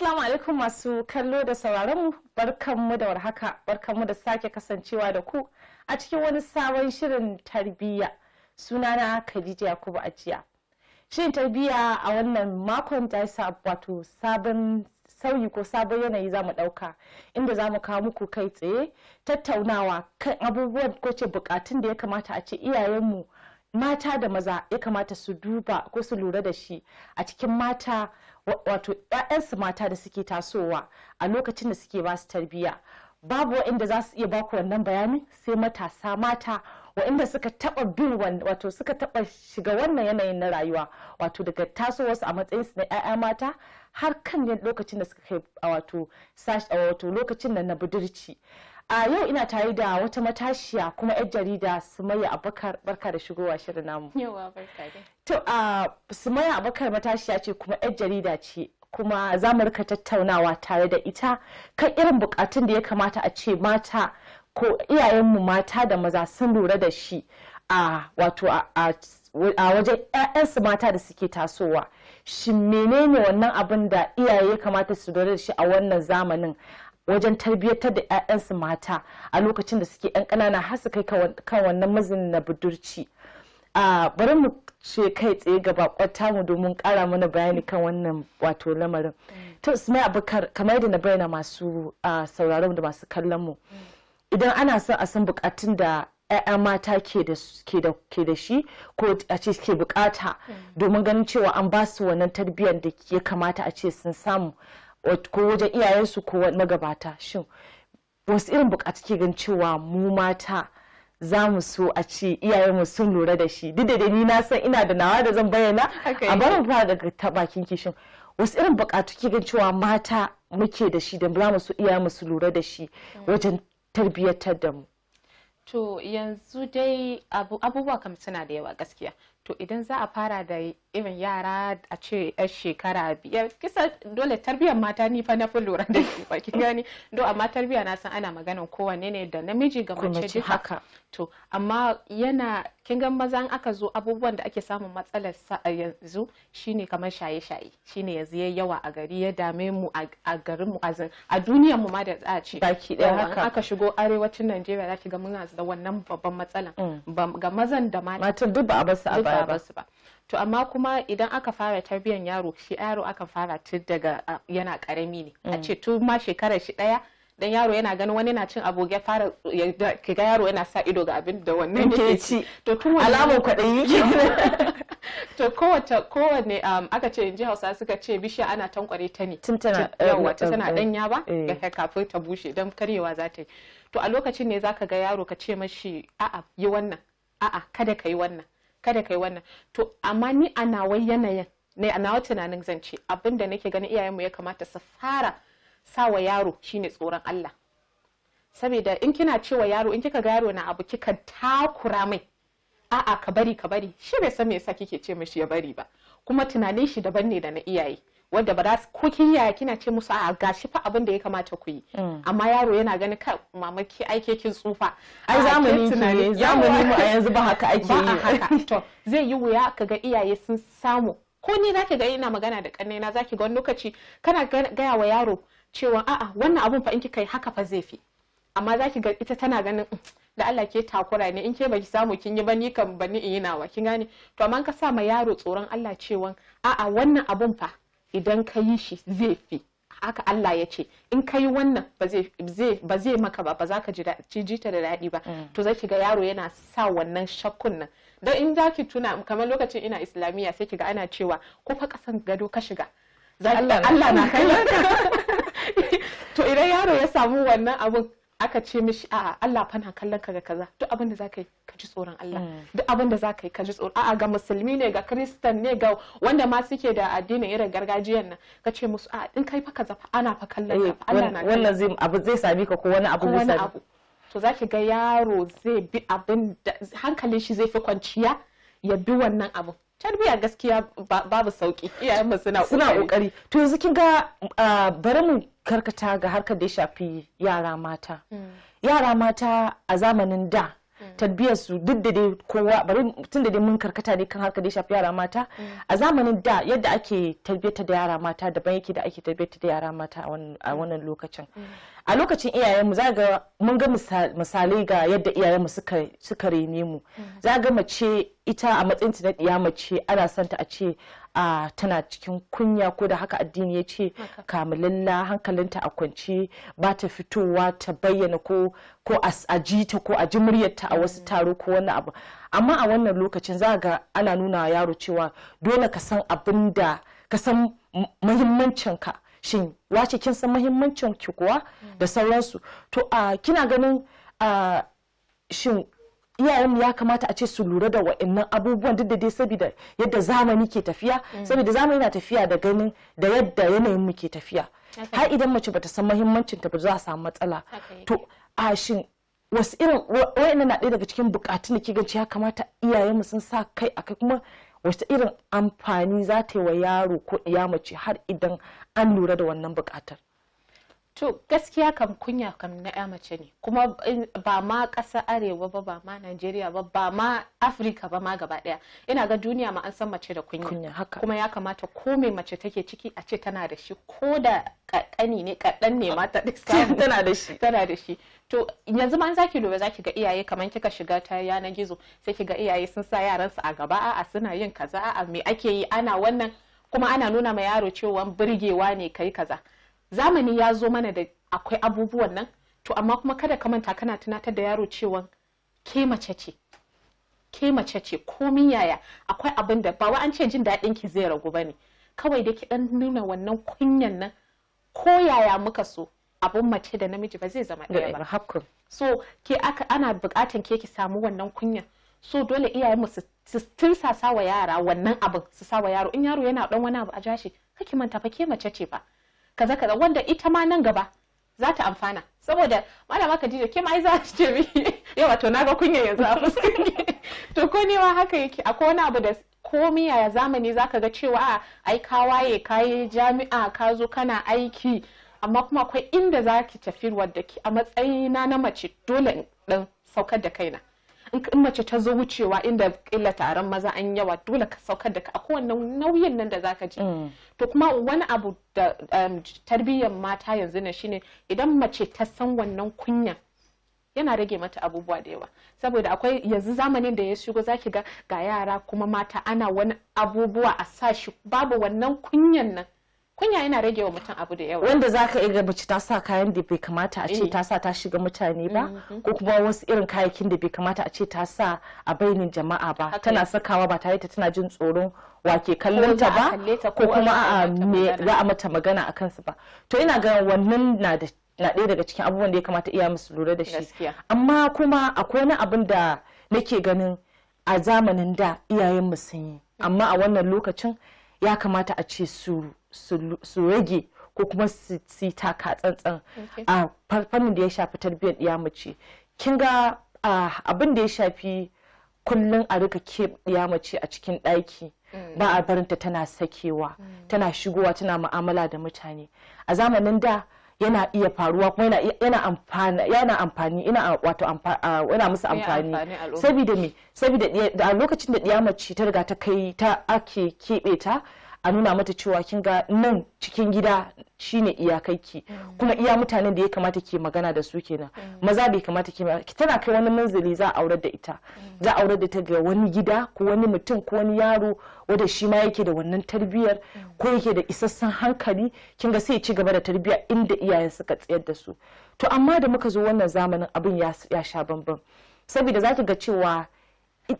Assalamu alaikum masu kallo da sauraron sauraronmu barkanmu da warhaka barkanmu da sake kasancewa da ku a cikin wani sabon shirin tarbiyya sunana Khadija Yakubu Ajiya. Shirin tarbiyya a wannan makon da ya wato sabon sauyi ko sabon yanayi zamu mu ɗauka inda zamu kawo muku kai tsaye tattaunawa kan abubuwan ko ce bukatun da ya kamata a ce iyayenmu mata da maza ya kamata su duba ko su lura da shi a cikin mata wato 'ya'yansu mata da suke tasowa a lokacin da suke basu su tarbiyya babu waɗanda za su iya baku wannan bayani sai matasa mata waɗanda suka taɓa bin wato suka taɓa shiga wannan yanayin na rayuwa wato daga tasowarsu a matsayin su na 'ya'ya mata har kan lokacin da suka kai wato wato lokacin da na budurci a yau ina tare da wata matashiya kuma yar jarida sumayya abubakar barka da shigowa shirin namu to a sumayya abubakar matashiya ce kuma yar jarida ce kuma za mu rika tattaunawa tare da ita kan irin bukatun da ya kamata a ce mata ko iyayenmu mata da maza sun lura da shi a wato a wajen 'ya'yansu mata da suke tasowa shin menene wannan abin da iyaye ya kamata su lura da shi a wannan zamanin wajen tarbiyyatar da 'ya'yansu mata a lokacin da suke 'yan ƙanana har su kai kan wannan mazin na budurci a bari mu ce kai tsaye gaba kwata mu domin kara mana bayani kan wannan wato lamarin to ismai abubakar kamar yadda na bayyana masu sauraron da masu kallon mu idan ana son a san bukatun da 'ya'ya mata ke da shi ko a ce ke bukata domin ganin cewa an ba su wannan tarbiyyar da ya kamata a ce sun samu ko wajen iyayensu ko magabata shin wasu irin bukatu ke gan cewa mu mata za mu so a ce iyayenmu sun lura da shi duk da dai ni na san ina da nawa da zan bayyana a barin fara daga ta bakin kishin wasu irin bukatu ke gan cewa mata muke da shi da za mu so iyayenmu su lura da shi wajen tarbiyyatar da mu to yanzu dai abubuwa kam suna da yawa gaskiya to idan za a fara da irin yara a ce yar shekara biyar kisa dole tarbiyyar mata ni fa na fi lura da ke ba gani do amma tarbiyya na san ana maganan kowanne ne da namiji ga mace haka to amma yana kin ga maza aka zo abubuwan da ake samun matsalar sa a yanzu shine kamar shaye-shaye shine yanzu ya yawa a gari ya dame mu a garin mu a duniyar mu ma da tsaci baki ce haka aka shigo arewacin Najeriya za ki ga muna da wannan babban matsalan mm. ga mazan da mata matan duk ba a basu a baya ba to amma kuma idan aka fara tarbiyan yaro shi yaro aka fara tun daga yana karami ne a mm. ce tun ma shekarar shi daya dan yaro yana ganin wani yana cin abu ya fara ki ga yaro yana sa ido ga abin da wannan yake ci to tun kwaɗayi to kowace kowanne um, aka ce inji Hausa suka ce bishiya ana tankware ta ne tun tana yawa eh, tana danya eh, ba eh. ga kafin ta bushe dan karyewa za ta yi to a lokacin ne zaka ga yaro ka ce mashi a'a yi wannan a'a kada ka yi wannan kada ka yi wannan to amma ni a nawa yanayin ne a nawa tunanin zan ce abinda nake ganin iyayenmu ya kamata su fara Sa wa yaro shine tsoron Allah saboda in kina cewa yaro in kika ga yaro na abu kika takura mai a'a ka bari ka bari shi bai san me yasa kike ce mishi ya bari ba kuma tunanin shi daban ne da na iyaye wanda ba za su ko kin yaya kina ce musu a gashi fa abin da ya kamata ku yi hmm. amma yaro yana gani ka mamaki aike kin tsufa ai zamani zamani mu a yanzu ba haka ake yi Ba to zai yi wuya kaga iyaye sun samu ko ni zaki ga ina magana da za zaki ga wani lokaci kana gaya wa yaro cewa a'a wannan abun fa in kika yi haka fa zai fi amma zaki ga ita tana ganin mm, da Allah ke takura ne in ke ba ki samu kin yi ba bani kan bani in yi nawa kin gane to amma ka sa ma yaro tsoron Allah cewa a'a wannan abun fa idan ka yi shi zai fi haka Allah ya ce in ka yi wannan ba zai maka ba ba za ka ji ta da daɗi ba mm. to zaki ga yaro yana sa wannan shakkun nan don in za ki tuna kamar lokacin ina islamiyya sai kiga ana cewa ko fa kasan gado ka shiga Allah na kai to idan yaro ya samu wannan abun aka ce mishi a Allah fa na kallon ka ga kaza duk abin da ka yi ka ji tsoron Allah mm. duk abin da ka yi ka ji tsoron a'a ga musulmi ne ga kristan ne ga wanda ma suke da addinin irin gargajiyan nan ka ce musu a'a in kai fa kaza fa ana fa kallon ka eh, Allah na wannan zai abu zai sami ka ko wani abu zai sami to za ki ga yaro zai bi abin da hankalin shi zai fi kwanciya ya bi wannan abin Tarbiyya gaskiya babu sauki iyayenmu suna suna kokari to yanzu kin ga bari mu karkata ga harkar da ya shafi yara mata hmm. yara mata a zamanin da tarbiyar su duk da dai kowa bari tun da dai mun karkata ne kan harka da shafi yara mata a zamanin da yadda ake tarbiyar da yara mata daban yake da ake tarbiyar da yara mata a wannan lokacin a lokacin iyayenmu za ga mun ga misalai ga yadda iyayenmu suka suka rene mu za ga mace ita a matsayin ta na ɗiya mace ana son a ce a tana cikin kunya ko da haka addini ya ce lalla hankalinta a kwance ba ta fitowa ta bayyana ko ko a ji ta ko a ji muryarta a wasu mm. taro ko wani abu amma a wannan lokacin za ga ana nuna yaro cewa dole ka san abin da ka san muhimmancin ka shin wace kin san muhimmancin ki kuwa mm. da sauransu to a kina ganin shin iyayenmu ya kamata a ce su lura da wa'annan abubuwan duk da dai saboda yadda zamani ke tafiya mm. saboda zamani na tafiya da ganin da yadda yanayin mu ke tafiya har idan mace bata san muhimmancin ta ba za a samu matsala to a shin wasu irin wa'annan na ɗaya daga cikin bukatun da ke ganci ya kamata iyayen mu sun sa kai akai kuma wasu irin amfani za ta yi wa yaro ko iya mace har idan an lura da wannan bukatar to gaskiya kam kunya kam na ya mace ne kuma ba ma ƙasa arewa ba ba ma najeriya ba ba ma afirka ba ma gaba ɗaya ina ga duniya ma an san mace da kunya, kuma ya kamata ko mai mace take ciki a ce tana da shi ko da kaɗani ne kaɗan ne ma ta tana da shi tana da shi to yanzu ma zaki lura zaki ga iyaye kaman kika shiga ta yanar gizo sai ki ga iyaye sun sa yaransu a gaba a'a suna yin kaza a'a me ake yi ana wannan kuma ana nuna ma yaro cewa birgewa ne kai kaza zamani ya zo mana da akwai abubuwan nan to amma kuma kada ka manta kana tunatar da yaro cewa ke mace ce ke mace ce komin yaya akwai abin da ba wa an ce jin daɗin ki zai ragu bane kawai da ki dan nuna wannan kunyan nan ko yaya muka so abun mace da namiji ba zai zama ɗaya ba so ke aka ana buƙatan ke ki samu wannan kunyan so dole iyayen mu su tirsasa wa yara wannan abin su sa wa yaro in yaro yana dan wani abu a jashi kake manta fa ke mace ce ba. kaza kaza wanda ita ma nan gaba za ta amfana saboda malama Khadija ke ma za ce mi yawa to naga kunya yanzu a fuskanki to ko ne ma haka yake akwai wani abu da komi a zamani zaka ga cewa ah, ai ka waye ka yi jami'a ka zo kana aiki amma kuma akwai inda za ki tafi wadda a matsayina na mace dole in ɗan saukar da kaina in mace ta zo wucewa inda kila taron maza an yawa dole ka saukar da ka a kowanne nauyin nan da zaka ji mm. to kuma wani abu da um, tarbiyyar mata yanzu ne shine idan mace ta san wannan kunya yana rage mata abubuwa da yawa saboda akwai yanzu zamanin da ya shigo zaki ga ga yara kuma mata ana wani abubuwa a sashi babu wannan kunyan nan kunya yana rage wa mutum abu da yawa wanda zaka iya mace ta sa kayan da bai kamata a ce eh. ta sa ta shiga mutane ba mm-hmm. ko kuma wasu irin kayakin da bai kamata a ce ta sa a bainin jama'a ba tana sakawa ba tare ta tana jin tsoron wake kallon ta ba ko kuma a me za a mata magana a kansu ba to ina ga wannan na da na ɗaya daga cikin abubuwan da ya kamata iya musu lura da shi amma kuma akwai wani abin da nake ganin a zamanin da iyayen mu sun yi mm. amma a wannan lokacin ya kamata a ce su su rage ko kuma su yi taka tsantsan a fannin da ya shafi tarbiyyar ɗiya mace kin ga abin da ya shafi kullum a rika ke ɗiya mace a cikin ɗaki mm. ba a barinta tana sakewa mm. tana shigowa tana mu'amala da mutane a zamanin da yana iya faruwa kuma yana amfani yana amfani yana wato yana musu amfani saboda me saboda a lokacin da ɗiya mace ta riga ta kai ta ake keɓe ta a nuna mata cewa kin ga nan cikin gida shine iyakarki mm. kuma iya mutanen da ya kamata ke magana da su kenan mm. maza bai kamata ke tana kai wani manzili za a aurar da ita mm. za a aurar da ta ga wani gida ko wani mutum ko wani yaro wanda shi ma yake da wannan tarbiyyar ko yake da isassan hankali kin ga sai ya ci gaba da tarbiyya inda iyayen suka tsayar da su to amma da muka zo wannan zamanin abin ya sha bambam saboda zaki ga cewa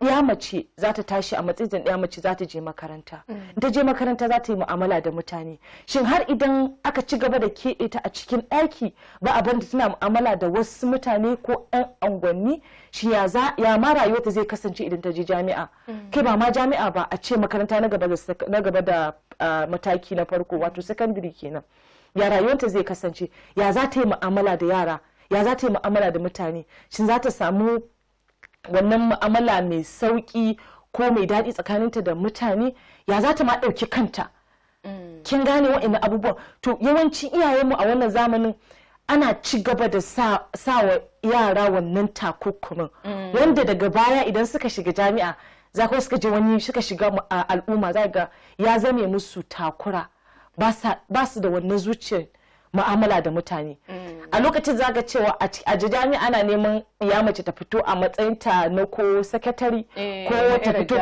ya mace za ta tashi a matsayin ya mace za ta je makaranta mm. ta je makaranta za ta yi mu'amala da mutane shin har idan aka ci gaba da keɓe ta a cikin ɗaki ba a banta suna mu'amala da wasu mutane ko ɗan angwanni shi ya za ya ma rayuwarta zai kasance idan ta je jami'a mm. kai ba ma jami'a ba a ce makaranta na gaba da mataki na farko wato secondary kenan ya rayuwarta zai kasance ya za ta yi mu'amala da yara ya za ta yi mu'amala da mutane shin za ta samu wannan mu'amala mai sauki ko mai daɗi tsakaninta da mutane ya za ta ma ɗauki kanta mm. kin gane wa'annan abubuwa to yawanci iyayenmu a wannan zamanin ana ci gaba da sa wa yara wannan takunkumin mm. wanda daga baya idan suka shiga jami'a za ku suka je wani suka shiga al'umma za ga ya zame musu takura ba su da wannan zuciyar mu'amala da mutane mm. a lokacin zaga cewa a jijami ana neman ya mace ta fito a matsayinta na ko sakatari eh, ko ta fito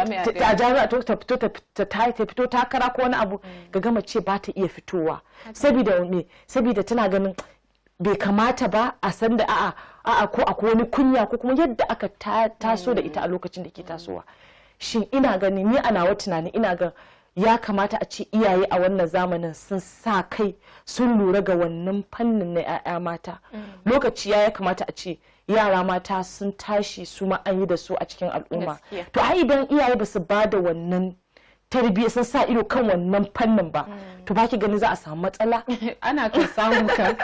a jami'a ta fito ta fito takara ko wani abu mm. ga gama ce ba ta iya fitowa saboda me saboda tana ganin bai kamata ba a san da a'a a'a ko wani kunya ko kuma yadda aka taso da ita a mm. lokacin da ke tasowa shin ina gani ni ana wa tunani ina ga ya kamata a ce iyaye a wannan zamanin sun sa kai sun lura ga wannan fannin na 'ya'ya mata mm. lokaci ya kamata a ce yara mata sun tashi su ma an yi da su a cikin al'umma to ai idan iyaye ba su ba da wannan tarbiyya sun sa ido kan wannan fannin ba mm. to ba ki gani za a samu matsala ana ka samu ka.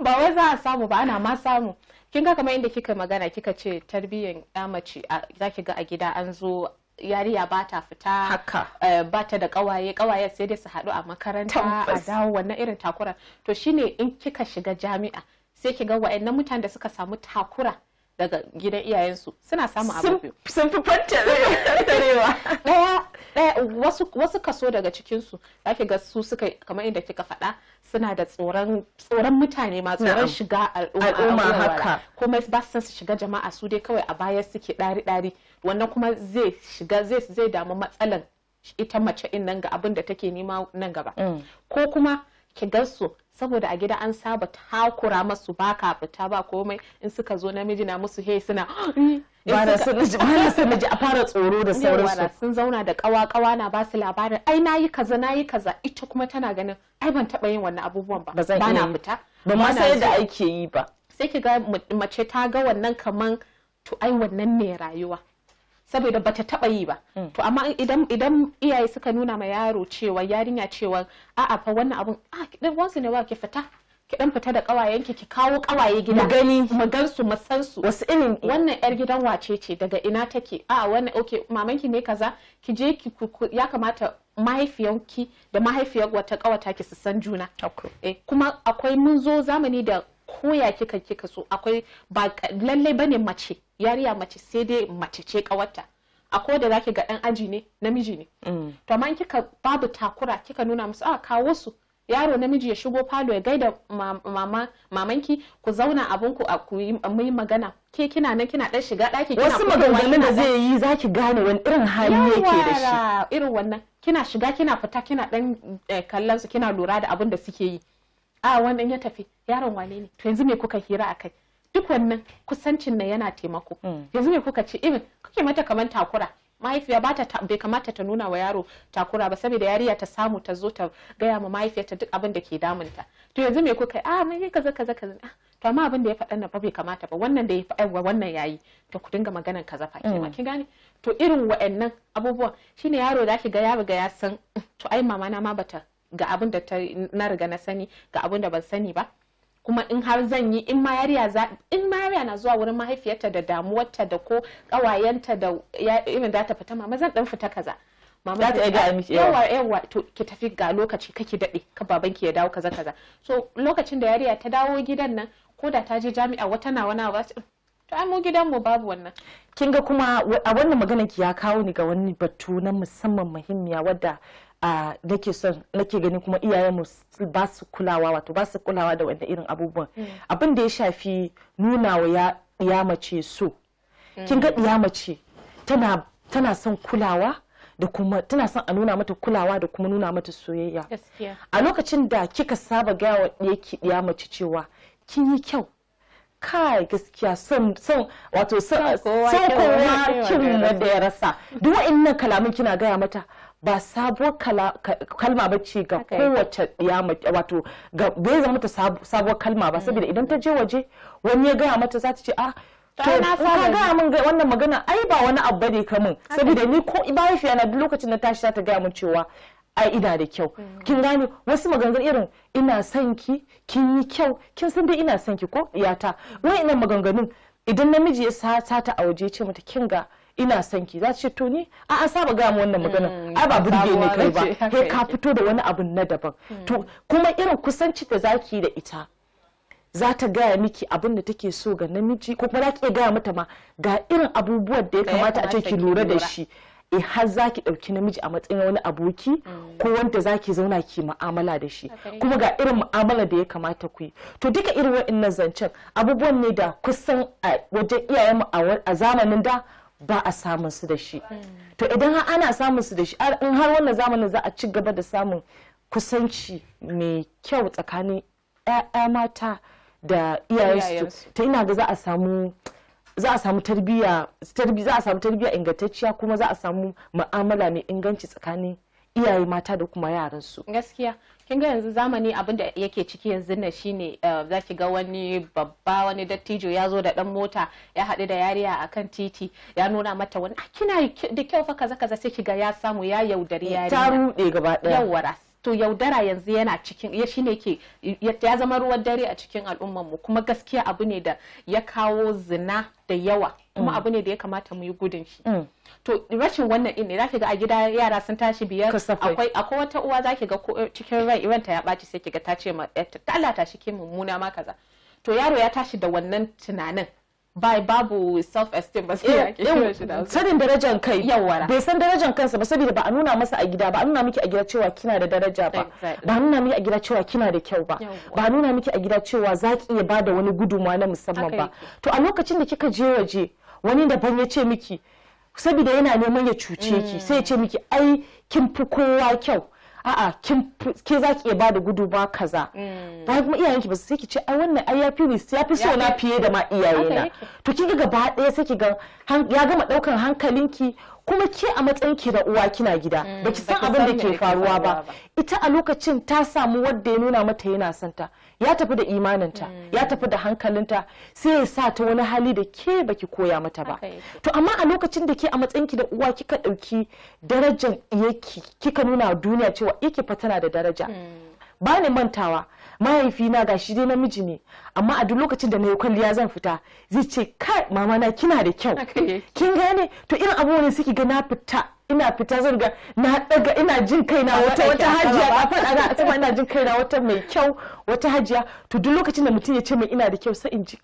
ba wai za a samu ba ana ma samu kin ga kamar inda kika magana kika ce tarbiyyan ya mace zaki ga a gida an zo yariya ba ta fita haka uh, ba ta da kawaye kawaye sai dai su haɗu a makaranta a dawo wannan irin takura to shine in kika shiga jami'a sai ki ga wa'annan mutane da suka samu takura daga gidan iyayensu suna samu abu sun fi fanta fantarewa daya wasu wasu kaso daga cikin su zaki ga su suka kamar inda kika faɗa suna da tsoron tsoron mutane ma tsoron shiga al'umma haka kuma ba su shiga jama'a su dai kawai a baya suke ɗari ɗari wannan kuma zai shiga zai zai damu matsalan ita mace in nan ga abin da take nema nan gaba mm. ko kuma ki gansu saboda a gida an saba takura masu baka fita ba komai in suka zo namiji na musu hei suna bara sun miji a fara tsoro da sauransu sun zauna da kawa kawa na ba su labarin ai nayi kaza nayi kaza ita kuma tana ganin ai ban taba yin wannan abubuwan ba ba na fita ba ma sai da ake yi ba sai ki ga mace ta ga wannan kaman to ai wannan ne rayuwa saboda bata taba yi ba mm. to amma idan idan iyaye suka nuna ma yaro cewa yarinya cewa a'a fa wannan abun a ah, kidan wasu ne wa ki fita ki dan fita da kawayenki ki kawo kawaye gida mu gani mu gansu mu san su wasu irin wannan yar gidan wace ce daga ina take a wannan okay mamanki ne kaza ki je ki ya kamata mahaifiyanki da mahaifiyar wata kawata ki su san juna eh, kuma akwai mun zo zamani da koya kika kika so akwai ba lallai bane mace yariya mace sai dai mace ce kawarta a ko da zaki ga dan aji ne namiji ne mm. to amma kika babu takura kika nuna musu a ah, kawo su yaro namiji ya shigo falo ya gaida mama mamanki ku zauna abun ku a ku yi magana ke kina nan kina dan shiga daki kina wasu maganganun da zai yi zaki gane wani irin hali yake da shi irin wannan kina shiga kina fita kina dan eh, kallon su kina lura da abun da suke yi a wannan ya tafi yaron wane ne to yanzu me kuka hira akai duk wannan kusancin nan yana taimako hmm. yanzu me kuka ce even kuke mata kamar takura mahaifiya ba ta bai kamata ta nuna wa yaro takura ba saboda yariya ta samu ta zo ta gaya ma mahaifiyarta duk abin da ke damunta to yanzu me kuka a mun yi kaza kaza kaza ah, to amma abin da ya faɗa na ba bai kamata ba wannan da ya faɗa wa wannan yayi to ku dinga maganan kaza fa kima hmm. kin gane to irin wa'annan abubuwan shine yaro da ki ga ya riga ya san mm, to ai mama na ma bata ga abin da na riga na sani ga abin da ban sani ba kuma in har zan yi in ma yariya na zuwa wurin mahaifiyarta da damuwarta da ko kawayenta da irin da ta fita mama zan dan fita kaza mama za ta ga miki yawa yawa to ki tafi ga lokaci kake dade ka babanki ya dawo kaza kaza so lokacin da yariya ta dawo gidan nan ko da ta je jami'a wata na wani ba to ai mu gidan mu babu wannan kin ga kuma a wannan maganar ki ya kawo ni ga wani batu na musamman muhimmiya wadda nake son nake ganin kuma iyayenmu ba su kulawa wato ba su kulawa da wanda irin abubuwan mm. abin da ya shafi nuna wa ya mace so mm. kin ga ya mace tana tana son kulawa da kuma tana son a nuna mata kulawa da kuma nuna mata soyayya a lokacin da kika saba gaya wa yake ɗiya mace cewa kin yi kyau kai gaskiya son son wato son kowa eh, kin da ya rasa duk wa'annan kalamin kina gaya mata ba sabuwar kalma ba ce ga kowace ya wato ga bai zama ta sabuwar kalma ba saboda idan ta je waje wani ya gaya mata za ta ce a. Ah, to ka gaya min wannan magana ai ba wani abu bane ka min saboda ni ko mahaifiya na duk lokacin da tashi za ta gaya min cewa ai ina da kyau mm. kin gane wasu maganganun irin ina son ki kin yi kyau kin san dai ina son ki ko iyata mm. wai ina maganganun idan namiji ya sata a waje ce mata kin ga ina son ki za ce to ni a an saba ga mu wannan magana mm, ai ba burge ne kai ba kai ka fito da wani abu na daban mm. to kuma irin kusanci da zaki da ita za ta gaya miki abin da take so ga namiji ko kuma za ki gaya mata ma ga irin abubuwan da ya kamata a ce ki lura da shi e har za ki ɗauki namiji a matsayin wani aboki mm. ko wanda za ki zauna ki mu'amala da shi kuma ga irin mu'amala da ya kamata ku yi to duka irin wa'annan zancen abubuwan ne da kusan a wajen iyayenmu a zamanin da ba a samun su da shi to idan ana samun su da shi in har wannan zamanin za a ci gaba da samun kusanci mai kyau tsakanin 'ya'ya mata da iyayensu ta ina ga za a samu za a samu tarbiyya za a samu tarbiyya ingantacciya kuma za a samu mu'amala mai inganci tsakanin iyaye mata da kuma yaransu gaskiya kin ga yanzu zamani abin da yake ciki yanzu na shine eh, za ki ga wani babba wani dattijo ya zo da dan mota ya haɗu da yariya a kan titi ya nuna mata wani a ah, kina da kyau fa kaza kaza sai ki ga ya samu ya yaudari yariya ta rude gaba ɗaya to yaudara yanzu yana cikin ya shine ke ya zama ruwan dare a cikin al'ummar mu kuma gaskiya abu ne da ya kawo zina da yawa kuma mm. abu ne da ya kamata mu yi gudun shi mm. to rashin wannan din ne zaki ga a gida yara sun tashi biyar akwai akwai wata uwa zaki ga cikin rai ta ya baci sai kiga ta ce ma ta Allah ta shi ke mummuna ma kaza to yaro ya tashi da wannan tunanin bai babu self esteem ba sai eh, eh, sanin darajar kai bai san darajar kansa ba saboda ba a nuna masa a gida ba a nuna miki a gida cewa kina da daraja ba ba a nuna miki a gida cewa kina da kyau ba ba a nuna miki a gida cewa zaki iya bada wani gudunmawa na musamman ba to a lokacin da kika je waje wani daban ya ce miki saboda yana neman ya cuce ki mm. sai ya ce miki ai kin fi kowa kyau a'a ke za ki iya bada guduma kaza mm. ba kuma iyayen ki ba sai ki ce ai wannan ai ya fi ya fi so na fiye da ma iyayena to kin ga gaba ɗaya sai ki ga ya gama ɗaukan hankalinki kuma ke a matsayin ki da uwa kina gida mm, baki san abin da ke faruwa ba ita a lokacin ta samu wanda ya nuna mata yana santa ya tafi da imaninta hmm. ya tafi da hankalinta sai ya sa ta wani hali da ke baki koya mata ba to amma a lokacin da ke a ki da uwa kika ɗauki darajar iyaki kika nuna duniya cewa yake fa tana da daraja hmm. ba ne mantawa mahaifina ga shi dai namiji ne amma a duk lokacin da na yi kwalliya zan fita zai ce kai mama na kina da kyau kin gane to irin abubuwan suke ga na fita ina fita zan ga na daga ina jin kaina wata wata hajiya na faɗa na sama ina jin kaina wata mai kyau wata hajiya to duk lokacin da mutum ya ce mai ina da kyau sai in ji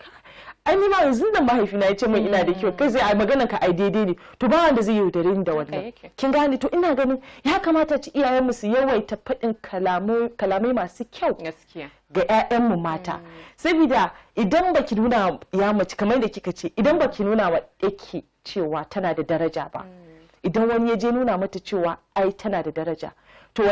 ai ni ma yanzu da mahaifina ya ce mai ina da kyau mm. kai zai a maganar ka ai daidai ne to ba wanda zai yaudare ni da wannan kin gane to ina ganin ya kamata ci iyayen mu su yawaita faɗin kalamai masu kyau gaskiya 'ya'yan mu mata mm. saboda idan baki nuna ya mace kamar da kika ce idan baki nuna wa yake cewa tana da daraja ba mm. idan wani ya je nuna mata cewa ai tana da daraja to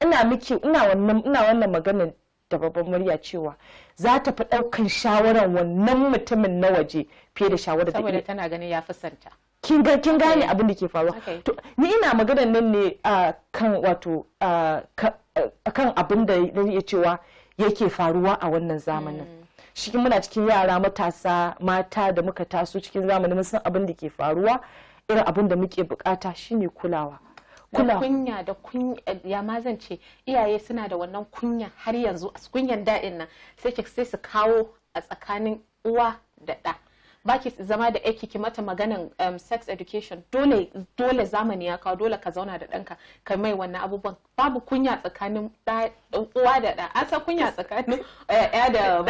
ina miki ina wannan ina wannan maganar da babban murya cewa za ta fi ɗaukan shawarar wannan mutumin na waje fiye da shawarar da saboda tana ganin ya fi santa kin ga kin gane eh. abin da ke faruwa to ni ina maganar nan ne kan wato kan abin da ya cewa yake faruwa a wannan zamanin hmm. shi muna cikin yara matasa mata da muka taso cikin zamanin mun san abin da ke faruwa irin abin da muke bukata shine kulawa kula kunya da kunya ya ma zan ce iyaye suna da wannan kunya har yanzu a kunyan da'in nan sai su kawo a tsakanin uwa da da ba zama da aiki ki mata maganan um, sex education dole dole zamani ya kawo dole ka zauna da ɗanka ka mai wannan abubuwan babu kunya tsakanin uwa da ɗa an san kunya tsakanin ya eh, da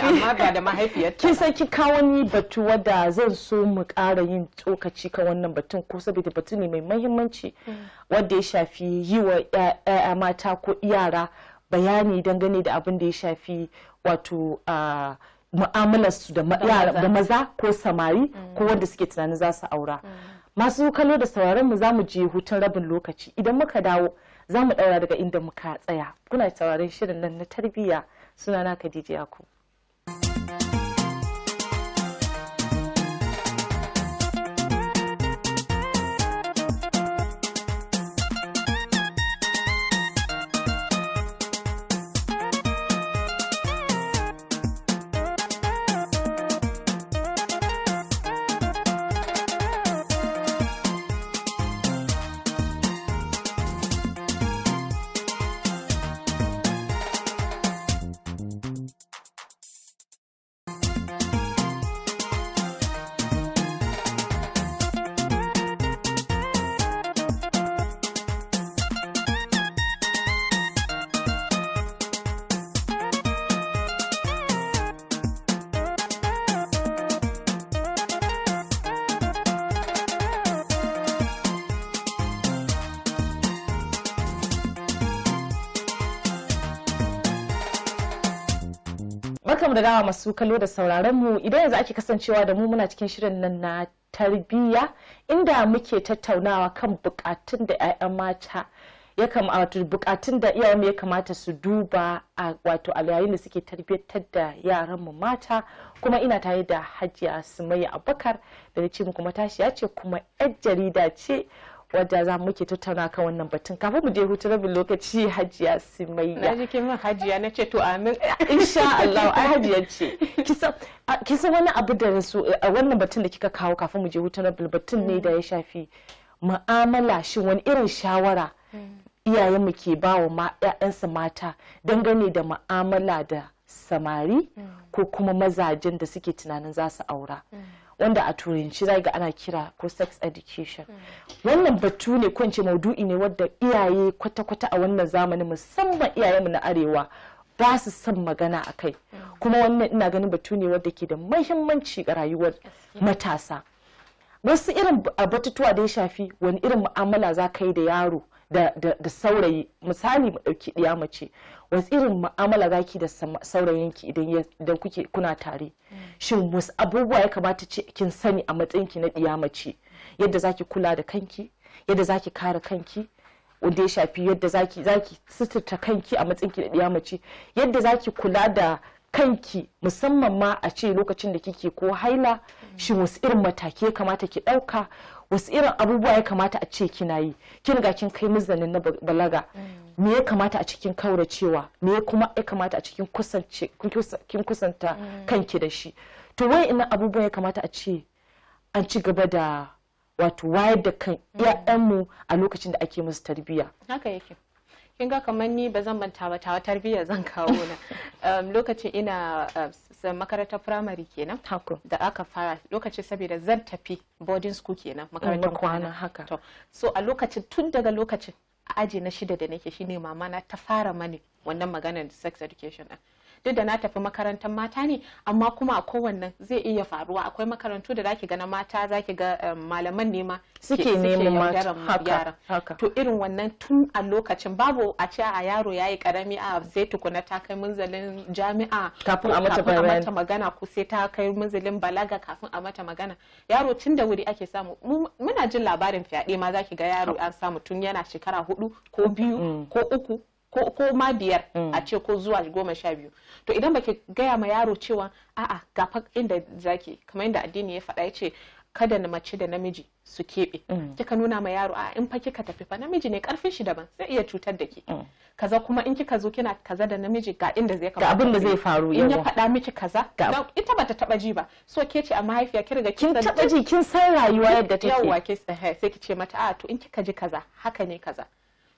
amma ba da mahaifiyar kin san ki kawo ni batu wadda zan so mu ƙara yin tsokaci kan wannan batun ko saboda batu ne mai muhimmanci wanda ya shafi yi wa ya mata ko yara bayani dangane da abin da ya shafi wato ah, su da maza ko samari ko mm. wanda suke tunanin za su aura mm. masu kallo da sauraron mu za mu je hutun rabin lokaci idan muka dawo za mu daura daga inda muka tsaya kuna sauraron shirin nan na tarbiyya suna sunana Khadija ku. barkamu da dawa masu kallo da sauraron mu idan yanzu ake kasancewa da mu muna cikin shirin nan na tarbiyya inda muke tattaunawa kan bukatun da 'ya'yan mata ya kamata bukatun da iyayen ya kamata su duba a wato a yayin da suke tarbiyyantar da yaran mu mata kuma ina tare da Hajiya Sumayya Abubakar da ce muku matashiya ce kuma 'yar jarida ce wadda za muke tattauna kan wannan batun kafin mu je hutu rabin lokaci hajiya simayya na jikin min hajiya na ce to amin insha Allah ai hajiya ce san wani abu da rasu wannan batun da kika kawo kafin mu je hutu rabin batun ne da ya shafi mu'amala shi wani irin shawara hmm. mu ke ba wa 'ya'yansu mata dangane da mu'amala da samari hmm. ko kuma mazajen da suke tunanin za su aura. Hmm. wanda a turanci za ga ana kira ko sex education wannan batu ne ko maudu'i ne wadda iyaye kwata-kwata a wannan zamanin musamman iyayenmu na arewa ba su son magana a kai kuma wannan ina ganin batu ne wadda ke da mahimmanci ga rayuwar matasa wasu irin batutuwa da ya shafi wani irin mu'amala za ka yi da yaro da da saurayi misali mu ɗauki ɗiya mace wasu irin mu'amala zaki da saurayinki idan kuke kuna tare shin wasu abubuwa ya kamata ce kin sani a matsayinki na ɗiya mace yadda zaki kula da kanki yadda zaki kare kanki wanda ya shafi yadda zaki zaki suturta kanki a matsayinki na ɗiya mace yadda zaki kula da kanki musamman ma a ce lokacin da kike ko haila shin wasu irin matake kamata ki ɗauka wasu irin abubuwa ya kamata a ce kina yi kin ga kin kai mizanin na balaga mm. me ya kamata a cikin kauracewa me ya kuma ya kamata a cikin kin kusanta mm. kanki da shi to wai ina abubuwa ya kamata a ce an ci gaba da wato wayar da kan 'ya'yanmu mm. a lokacin da ake musu tarbiyya kin ga kamar ni ba zan manta ba tawa tarbiyya zan kawo na um, lokacin ina uh, makarantar firamare kenan da aka fara lokacin saboda zan tafi boarding school kenan makarantar kwana haka to so a lokacin tun daga lokacin aji na shida da nake shine mama na ta fara mani wannan maganar sex education din duk da na tafi makarantar mata ne amma kuma a kowanne zai iya faruwa akwai makarantu da zaki ga na mata zaki ga um, malaman ne ma suke neman yara to irin wannan tun a lokacin babu a ce a yaro yayi karami a sai tukuna ta kai munzalin jami'a kafin a mata magana ko sai ta kai munzalin balaga kafin a mata magana yaro tun da wuri ake samu muna jin labarin fyaɗe ma zaki ga yaro an samu tun yana shekara hudu ko biyu mm. ko uku ko ma biyar mm. a ce ko zuwa goma sha biyu to idan baki gaya ma yaro cewa a'a ga fa inda zaki kamar inda addini ya faɗa ya ce kada na mace da namiji su keɓe mm. kika nuna ma yaro a'a in fa kika tafi fa namiji ne karfin shi daban zai iya cutar da ke mm. kaza kuma in kika zo kina kaza da namiji ga inda zai kamata ga abin da zai faru in ya faɗa miki kaza ga ita bata taba ji ba so ke ce a mahaifiya ki riga kin taba ji kin san rayuwa yadda take yawa ke eh, sai ki ce mata a to in kika ji kaza haka ne kaza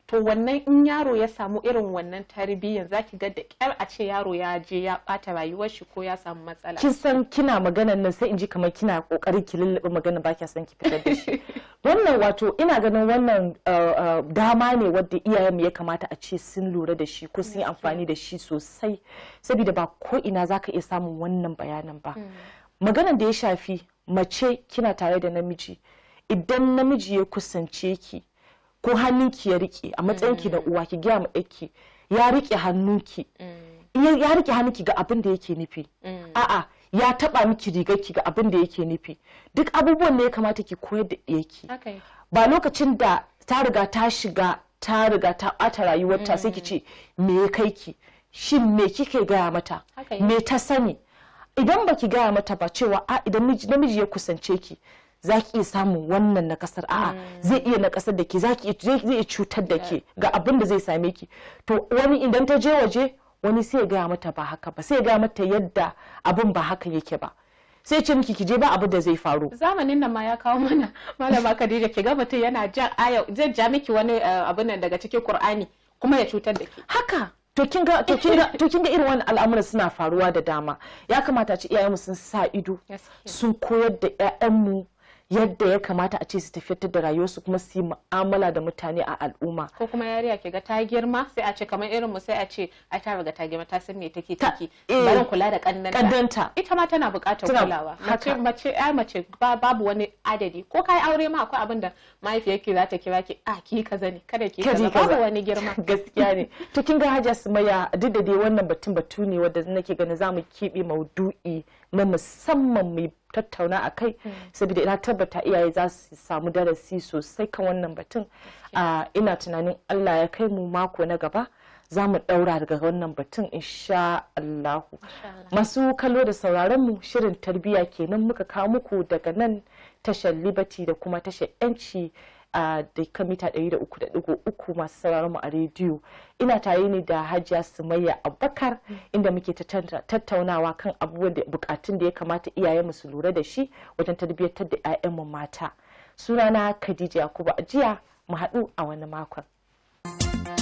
to wannan in yaro ya samu irin wannan tarbiyyan zaki ga da kyar a ce yaro ya je ya bata rayuwar shi ko ya samu matsala kin san kina maganan nan sai in ji kamar kina kokarin ki lullube magana ba kya san ki fitar da shi wannan wato ina ganin wannan eh, eh, dama ne wadda iyayen ya kamata a ce sun lura da shi ko sun yi amfani da shi sosai saboda ba ko ina zaka iya samun wannan bayanan ba hmm. maganan da ya shafi mace kina tare da namiji idan namiji ya kusance ki ko hannunki ya rike a matsayinki da mm. uwa ki gaya ma ki ya rike hannunki mm. ya rike hannunki ga abin da yake nufi mm. a'a ya taba miki rigarki ga abin da yake nufi duk abubuwan ne ya kamata ki koyar da yake ba lokacin da ta riga ta shiga ta riga ta ɓata rayuwarta sai ki ce me ya kai ki shin me kike gaya mata me ta sani idan baki gaya mata ba cewa a idan namiji ya kusance ki za ki iya samun wannan na kasar a'a mm. zai iya na kasar da ke ki iya cutar da ke ga abin da zai same ki to wani idan ta je waje wani sai ya gaya mata ba haka ba sai ya gaya mata yadda abin ba haka yake ba sai ce miki kije ba abu da zai faru zamanin nan ma ya kawo mana malama Khadija ki ga mutum yana jan aya zai ja miki wani eh, abin nan daga cikin Qur'ani kuma ya cutar da ke haka to kin ga to kin ga to kin ga irin wannan al'amuran suna faruwa da dama ya kamata ci iyayenmu sun sa ido sun koyar da mu. yadda ya kamata a ce su tafiyar da rayuwarsu kuma su yi mu'amala da mutane a al'umma ko kuma yariya ke ga ta girma sai a ce kamar irin mu sai a ce ai ta riga ta girma ta san me take take. Eh, bari kula da kaddanta. ita ma tana buƙatar kulawa mace mace ai mace babu wani adadi ko kai aure ma akwai abin da mahaifiyarki za ta kira ki a ki kaza ne kada ki kaza babu wani girma gaskiya ne to kin ga Hajiya Sumaya duk da dai wannan batun batu ne wanda nake ganin zamu kibe maudu'i na musamman mai tattauna a kai hmm. saboda ina tabbata iyaye za su samu darasi sosai kan wannan batun ah, ina tunanin allah ya kai mu mako na gaba za mu daura daga wannan batun insha Allahu. Masu kallo da sauraron mu shirin tarbiyya kenan muka kawo muku daga nan tashar Liberty da kuma tashar 'yanci da da mita 103.3 masu sauraron mu a rediyo ina tare ne da hajiya sumayya abubakar inda muke tattaunawa kan abubuwan da bukatun da ya kamata iyaye mu su lura da shi wajen tarbiyyantar da 'ya'yan mu mata sunana khadija yakubu jiya mu haɗu a wani makon.